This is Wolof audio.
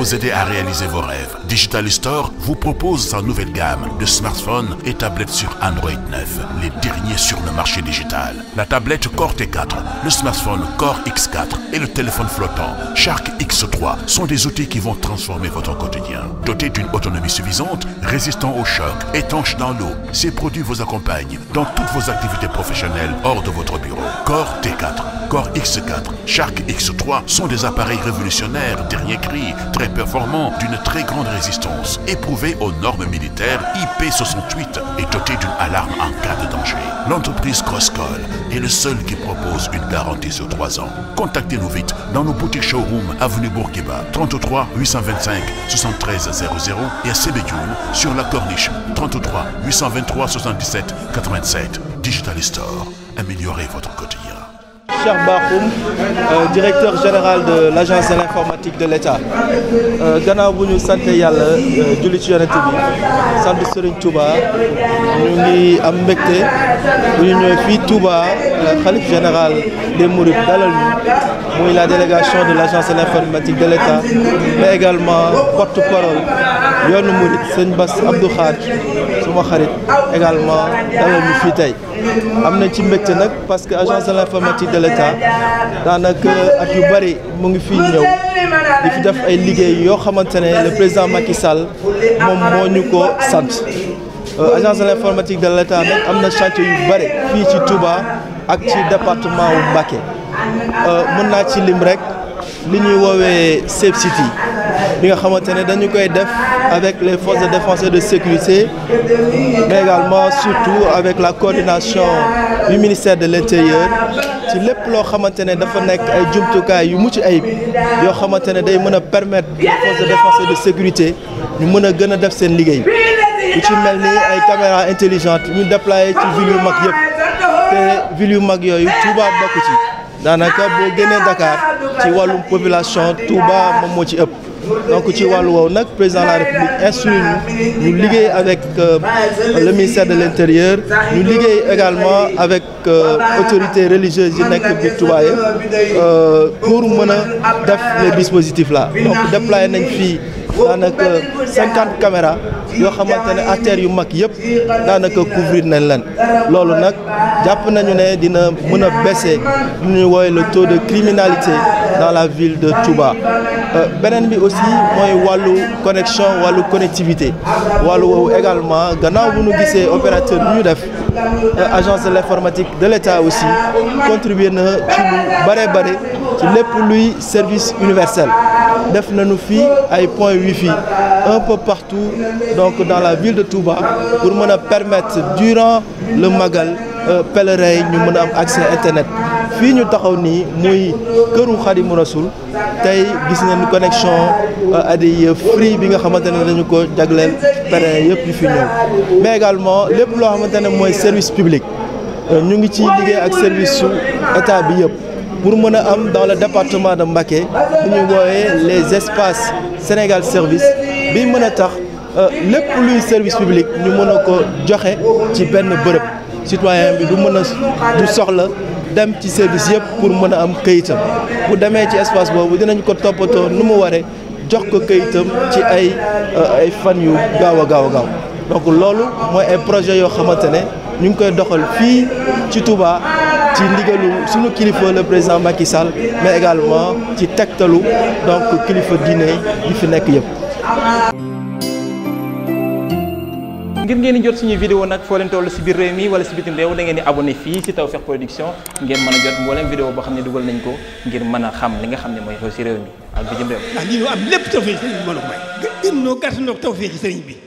vous aider à réaliser vos rêves. Digital Store vous propose sa nouvelle gamme de smartphones et tablettes sur Android les derniers sur le marché digital. La tablette Core t le smartphone Core x et le téléphone flottant Shark x sont des outils qui vont transformer votre quotidien. Dotés d'une autonomie suffisante, résistant aux chocs, étanches dans l'eau, ces produits vous accompagnent dans toutes vos activités professionnelles hors de votre bureau. Core t performant, d'une très grande résistance, éprouvé aux normes militaires IP68 et doté d'une alarme en cas de danger. L'entreprise Crosscall est le seul qui propose une garantie sur 3 ans. Contactez-nous vite dans nos boutiques showroom avenue Bourguiba et à sur la Corniche Digital Store, améliorez votre quotidien. Cheikh Bakhoum euh, directeur général de l'agence de l'informatique de l'État euh, gannaaw bu ñu sant yàlla euh, julli ci yonent bi sant Serigne Touba ñu ngi am mbégte bu ñu ñëwee fii la xalif général des Mourides dalal ñu muy la délégation de l'agence de l'informatique de l'État mais également porte-parole yoonu Mouride Sëñ Bass suma xarit également dalal ñu fii tey am na ci mbégte nag parce que agence de l'informatique de l'État daanaka ak yu bari mu ngi fii ñëw di fi def ay liggéey yoo xamante ne le président Macky Sall moom moo ñu ko sant euh, agence de l'informatique de l'État nag am na chantier yu bari fii ci Touba ak ci département bu Mbacké euh, mën naa ci lim rek li ñuy woowee Safe City bi nga xamante ne dañu koy def avec les forces de défense de sécurité mais également surtout avec la coordination du ministère de l'intérieur ci lépp loo xamante ne dafa nekk ay jumtukaay yu mucc ayib yoo xamante ne day mën a permettre les forces de défense et de sécurité ñu mën a gën a def seen liggéey lu ci mel ni ay caméra intelligente ñu déployé ci ville yu mag yëpp te ville yu mag yooyu Touba bokk ci daanaka boo génnee dakaar ci wàllum population Touba moom moo ci ëpp donc ci wàllu woowu nag président la République instruit ñu liggéey avec euh, le ministère de l'intérieur ñu liggéey également avec euh, autorités religieuses yi nekk biir Touba yëpp euh, pour mën a def le dispositifs la donc déployé nañ fii. daanaka cinquante caméra yoo xamante ne artères yu mag yëpp daanaka couvrir nañ leen loolu nag jàpp nañu ne dina mën a baisser lu ñuy wooye le taux de criminalité dans la ville de Touba euh, beneen bi aussi mooy wàllu connexion wàllu connectivité wàllu woowu également gannaaw bu nu gisee opérateur bi ñu def euh, agence de l'informatique de l'État aussi contribuer na ci lu bare bare ci lépp luy service universel def nañu fii ay point ngi fii un peu partout la ville de Touba pour mën a permettre durant le magal euh, pèlerin yi ñu mën a am accès internet fii ñu taxaw nii muy këru Xadimu Rasul tey gis nañu connexion euh, ADIE free bi nga xamante ne dañu ko jagleel pèlerin yëpp yu fi ñëw mais lépp loo xamante ne mooy service public euh, ñu ngi ci liggéey ak service su état bi yëpp pour mën a am dans le département de Mbacké bi ñu woowee les espaces Sénégal service bi mën a tax euh, lépp luy service public ñu mën a ko joxe ci benn bërëb citoyen bi du mën a du soxla dem ci service yëpp pour mën a am këyitam bu demee ci espace boobu dinañ ko toppatoo nu mu waree jox ko këyitam ci ay euh, ay fan yu gaaw a gaaw a gaaw donc loolu mooy ay projet yoo xamante ne ñu ngi koy doxal fii ci Touba ci ndigalu suñu kilifa le président Macky Sall mais également ci tegtalu donc kilifa diine yi fi nekk yëpp. ngir ngeen di jot suñu vidéo nag foo leen toll si biir réew mi wala si bitim réew da ngeen di abonné fii si Tawfekh Production ngeen mën a jot mboolem vidéo boo xam ne dugal nañ ko ngir mën a xam li nga xam ne mooy xew si réew mi ak bitim réew. ndax lii am lépp Tawfekh sëriñ bi sëriñ bi.